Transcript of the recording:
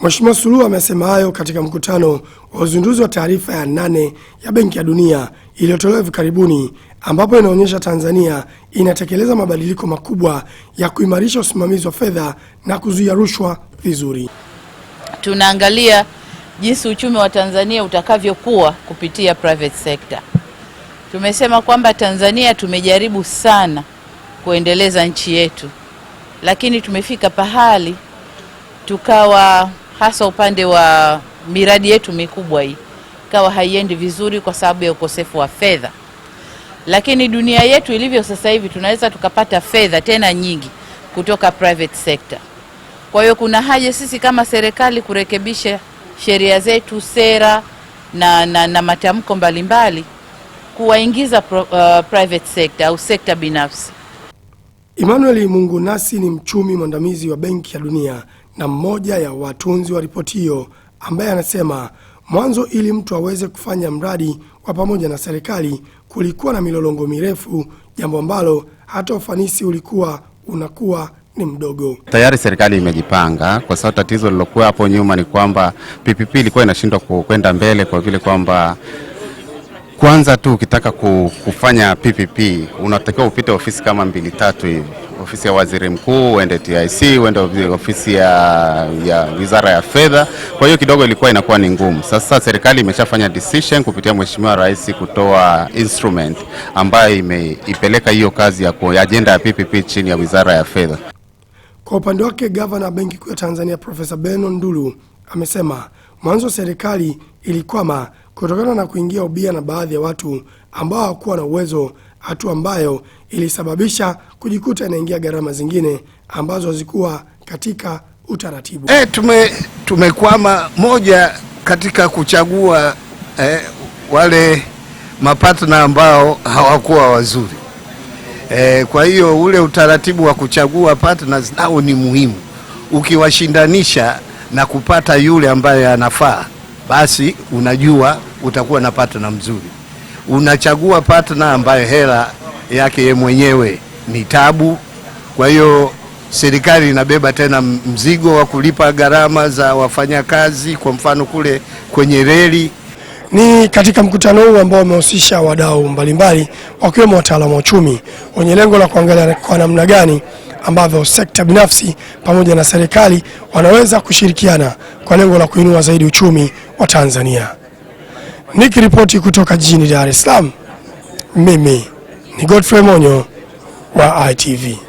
Mheshimiwa Suluhu amesema hayo katika mkutano wa uzinduzi wa taarifa ya nane ya Benki ya Dunia iliyotolewa hivi karibuni ambapo inaonyesha Tanzania inatekeleza mabadiliko makubwa ya kuimarisha usimamizi wa fedha na kuzuia rushwa vizuri. Tunaangalia jinsi uchumi wa Tanzania utakavyokuwa kupitia private sector. Tumesema kwamba Tanzania tumejaribu sana kuendeleza nchi yetu, lakini tumefika pahali tukawa hasa upande wa miradi yetu mikubwa hii ikawa haiendi vizuri kwa sababu ya ukosefu wa fedha, lakini dunia yetu ilivyo sasa hivi tunaweza tukapata fedha tena nyingi kutoka private sector. Kwa hiyo kuna haja sisi kama serikali kurekebisha sheria zetu, sera na, na, na matamko mbalimbali kuwaingiza pro, uh, private sector au sekta binafsi. Emmanuel Mungunasi ni mchumi mwandamizi wa Benki ya Dunia na mmoja ya watunzi wa ripoti hiyo ambaye anasema mwanzo, ili mtu aweze kufanya mradi wa pamoja na serikali, kulikuwa na milolongo mirefu, jambo ambalo hata ufanisi ulikuwa unakuwa ni mdogo. Tayari serikali imejipanga kwa sababu tatizo lilokuwa hapo nyuma ni kwamba PPP ilikuwa inashindwa kwenda mbele kwa vile kwamba kwanza tu ukitaka kufanya PPP unatakiwa upite ofisi kama mbili tatu hivi ofisi ya waziri mkuu, uende TIC, uende ofisi ya, ya wizara ya fedha. Kwa hiyo kidogo ilikuwa inakuwa ni ngumu. Sasa serikali imeshafanya decision kupitia mheshimiwa rais kutoa instrument ambayo imeipeleka hiyo kazi ya ajenda ya PPP chini ya wizara ya fedha. Kwa upande wake gavana wa benki kuu ya Tanzania Profesa Benno Ndulu amesema mwanzo serikali ilikwama kutokana na kuingia ubia na baadhi ya watu ambao hawakuwa na uwezo hatua ambayo ilisababisha kujikuta inaingia gharama zingine ambazo hazikuwa katika utaratibu. E, tume tumekwama moja katika kuchagua eh, wale mapatna ambao hawakuwa wazuri eh, kwa hiyo ule utaratibu wa kuchagua partners nao ni muhimu. Ukiwashindanisha na kupata yule ambaye anafaa, basi unajua utakuwa na partner mzuri unachagua partner ambaye hela yake ye mwenyewe ni tabu. Kwa hiyo serikali inabeba tena mzigo wa kulipa gharama za wafanyakazi, kwa mfano kule kwenye reli. Ni katika mkutano huu ambao umehusisha wadau mbalimbali wakiwemo wataalamu wa uchumi wenye lengo la kuangalia kwa namna gani ambavyo sekta binafsi pamoja na serikali wanaweza kushirikiana kwa lengo la kuinua zaidi uchumi wa Tanzania. Nikiripoti kutoka jijini Dar es Salaam, mimi ni Godfrey Monyo wa ITV.